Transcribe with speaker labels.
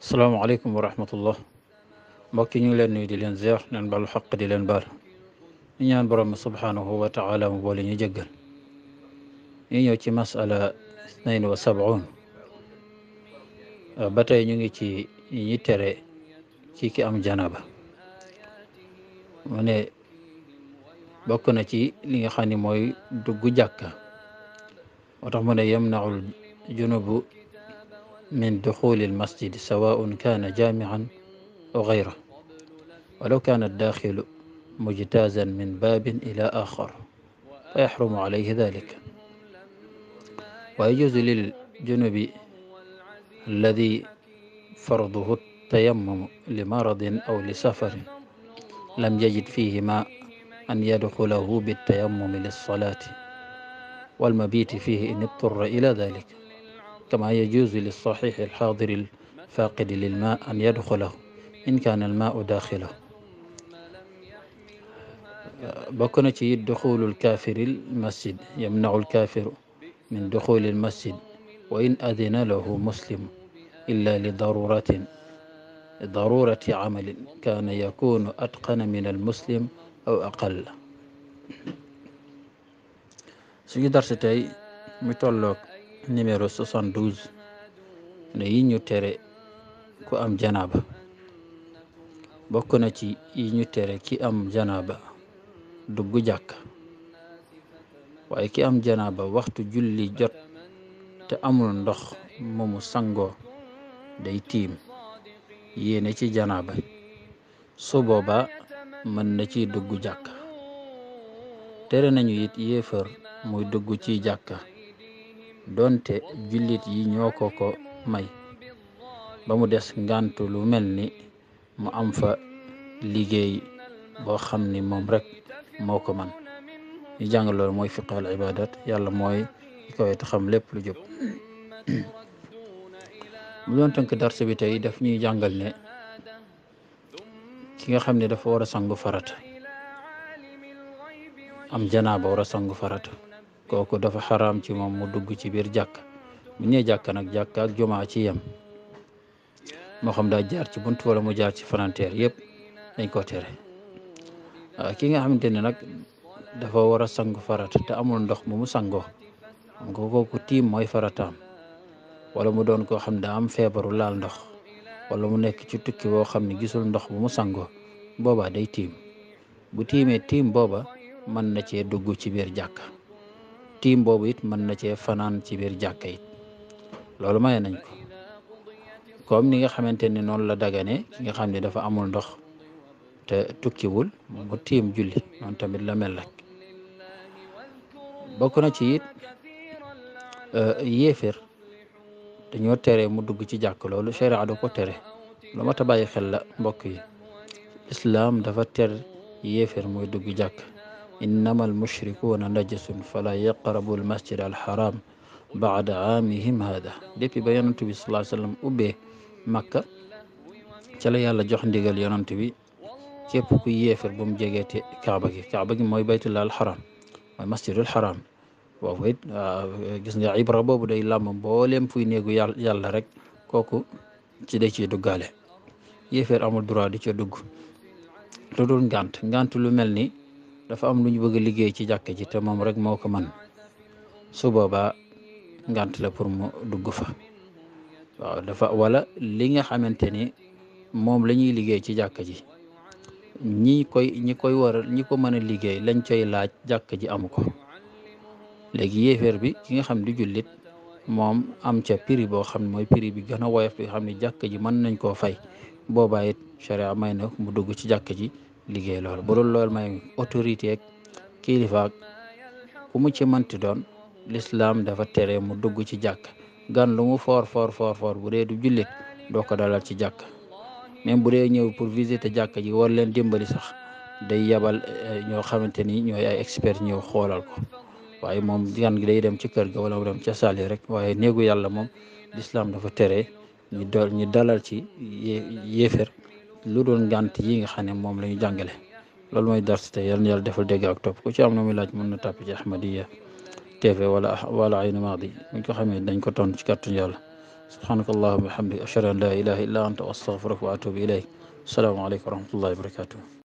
Speaker 1: salaamaaleykum wa rahmatullah mbokk yi ñu ngi leen nuyu di leen ziar leen balu xaq di leen baal ñu ñaan borom subhaanahu wa taala mu boole ñu jéggal ñu ñëw ci masala isnayn wa sabuun ba tey ñu ngi ci ñi tere ci ki am janaba mu ne bokk na ci li nga xam ne mooy dugg jàkka moo tax mu ne yamnaul junubu من دخول المسجد سواء كان جامعا أو غيره ولو كان الداخل مجتازا من باب إلى آخر فيحرم عليه ذلك ويجوز للجنب الذي فرضه التيمم لمرض أو لسفر لم يجد فيه ماء أن يدخله بالتيمم للصلاة والمبيت فيه إن اضطر إلى ذلك كما يجوز للصحيح الحاضر الفاقد للماء أن يدخله إن كان الماء داخله بكنا دخول الكافر المسجد يمنع الكافر من دخول المسجد وإن أذن له مسلم إلا لضرورة ضرورة عمل كان يكون أتقن من المسلم أو أقل سيدر ستي متولوك numéro 72 ne yi ñu tere ku am janaaba bokk na ci yi ñu tere ki am janaaba dugg jàkk waaye ki am janaba waxtu julli jot te amul ndox moomu sangoo day tiim yéene ci janaba su boobaa mën na ciy dugg jàkk tere nañu it yéefar muy dugg ci jàkka doonte jullit yi ñoo ko ko may ba mu des ngàntu lu mel ni mu am fa liggéey boo xam ni moom rek moo ko man ñu jàng mooy fiqh al ibadat yàlla mooy ki xam lépp lu jub bu doon tënk darse bi tey daf ñuy jàngal ne ki nga xam ne dafa war a sangu farata am janaaba war a sangu farata kooku dafa xaram ci moom mu dugg ci biir jàkk bu ñee jàkk nag jàkk ak jumaa ci yam moo xam daa jaar ci bunt wala mu jaar ci fananteer yépp dañ ko tere ki nga xamante ne nag dafa war a sangu farata te amul ndox mu mu sangoo xam tiim mooy farataam wala mu doon koo xam daa am feebaru laal ndox wala mu nekk ci tukki boo xam ne gisul ndox bu mu sangoo boobaa day tiim bu tiimee tiim booba mën na cee dugg ci biir jàkka tiim boobu it mën na cee fanaan ci biir jàkka it loolu maye nañ ko comme ni nga xamante ni noonu la dagane ki nga xam ne dafa amul ndox te tukkiwul mu tiim julli noonu tamit la mel rek bokk na ci it euh, yéeféer dañoo tere mu dugg ci jàkk loolu sharia du ko tere lu mat a bàyyi xel la mbokk yi islaam dafa ter yéeféer mooy dugg jàkk إنما المشركون نجس فلا يقربوا المسجد الحرام بعد عامهم هذا depuis ba yonent bi sallallahu alayhi wa sallam ubbee Makka ca la yàlla jox ndigal yonent bi képp ku yéefar bu mu jegeete kaaba gi kaaba gi mooy baytullahil xaram mooy masjidul xaram boobu it ah, gis nga ibra boobu day làmb mbooleem fuy néegu yàlla yàlla rek kooku ci day ciy duggaale yéefar amul droit di ca dugg lu ni dafa am lu ñu bëgg liggéey ci jàkk ji te moom rek moo ko man su boobaa ngant la pour mu dugg fa waaw dafa wala li nga xamante ni moom lañuy liggéey ci jàkk ji ñi koy ñi koy war ñi ko mën a liggéey lañ cay laaj jàkk ji amu ko léegi yéeféer bi ki nga xam di jullit moom am ca prix boo xam mooy prix bi gën woyof bi xam ne jàkk ji mën nañ koo fay boobaa it sharia may na mu dugg ci jàkk ji liggéey loolu bu lool loolu may autorité ak kilifaak ku mu ci manti doon lislaam dafa tere mu dugg ci jàkk gan lu mu foor foor foor foor bu dee du jullit doo ko dalal ci jàkk même bu dee ñëw pour visiter jàkk ji war leen dimbali sax day yabal eh, ñoo xamante ni ñooy ay expert ñëw xoolal ko waaye moom gan gi day dem ci kër ga wala mu dem rek waaye néegu yàlla moom lislaam dafa tere ñu dol dalal ci yéefér lu doon ngànt yi nga xam ne moom la ñu jàngale loolu mooy dars te yal na yàlla defal dégg ak topp ku ci am na muy laaj mën na tàpp ci Ahmadiyya TV wala ah, wala Aynu Maadi buñ ko xamee dañ ko tontu ci kàttanu yàlla subhanaka allahumma wa bihamdika ashhadu an la ilaha illa anta astaghfiruka wa atubu ilayk asalaamaaleykum wa rahmatullahi wa